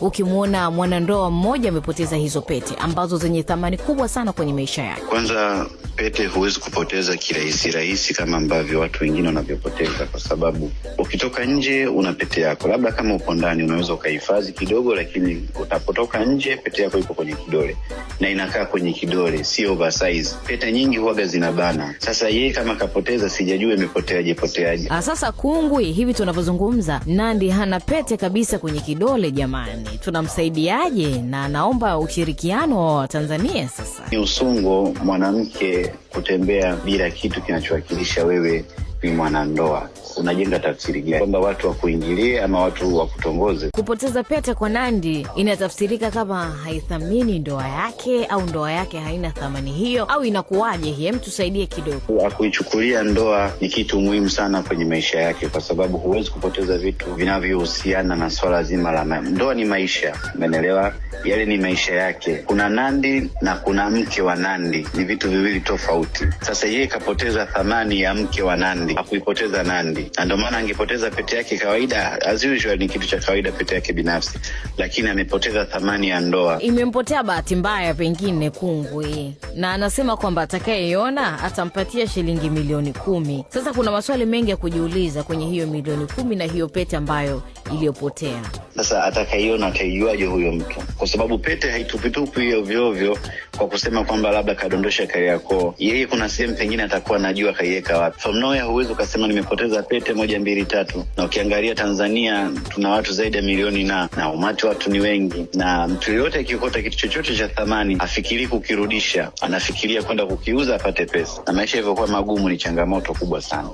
ukimwona mwanandoa mmoja amepoteza hizo pete ambazo zenye thamani kubwa sana kwenye maisha yake. Kwanza pete huwezi kupoteza kirahisi rahisi kama ambavyo watu wengine wanavyopoteza, kwa sababu ukitoka nje una pete yako, labda kama uko ndani unaweza ukahifadhi kidogo, lakini utapotoka nje pete yako iko kwenye kidole na inakaa kwenye kidole, si oversize. Pete nyingi huwaga zinabana. Sasa yeye kama kapoteza, sijajua imepoteaje poteaje. Ah, sasa kungwi, hivi tunavyozungumza, Nandi hana pete kabisa kwenye kidole. Jamani, tunamsaidiaje? Na naomba ushirikiano wa tanzania Sasa ni usungo mwanamke kutembea bila kitu kinachowakilisha wewe ni mwanandoa, unajenga tafsiri gani kwamba watu wakuingilie ama watu wakutongoze? Kupoteza pete kwa Nandi inatafsirika kama haithamini ndoa yake au ndoa yake haina thamani hiyo, au inakuwaje? Hem, tusaidie kidogo. Akuichukulia ndoa ni kitu muhimu sana kwenye maisha yake, kwa sababu huwezi kupoteza vitu vinavyohusiana na swala zima la ndoa. Ni maisha, umeelewa? Yale ni maisha yake. Kuna Nandi na kuna mke wa Nandi, ni vitu viwili tofauti. Sasa yeye kapoteza thamani ya mke wa Nandi hakuipoteza Nandi, na ndio maana angepoteza pete yake kawaida, as usual, ni kitu cha kawaida, pete yake binafsi, lakini amepoteza thamani ya ndoa. Imempotea bahati mbaya, pengine kungwi, na anasema kwamba atakayeiona atampatia shilingi milioni kumi. Sasa kuna maswali mengi ya kujiuliza kwenye hiyo milioni kumi na hiyo pete ambayo iliyopotea. Sasa atakaiona ataijuaje huyo mtu? Kwa sababu pete haitupitupi hiyovyovyo kwa kusema kwamba labda kadondosha Kariakoo, yeye kuna sehemu pengine atakuwa anajua kaiweka wapi. From nowhere huwezi ukasema nimepoteza pete moja mbili tatu. Na ukiangalia Tanzania tuna watu zaidi ya milioni na na umati watu ni wengi, na mtu yoyote akikota kitu chochote cha thamani afikirii kukirudisha, anafikiria kwenda kukiuza apate pesa, na maisha yalivyokuwa magumu ni changamoto kubwa sana.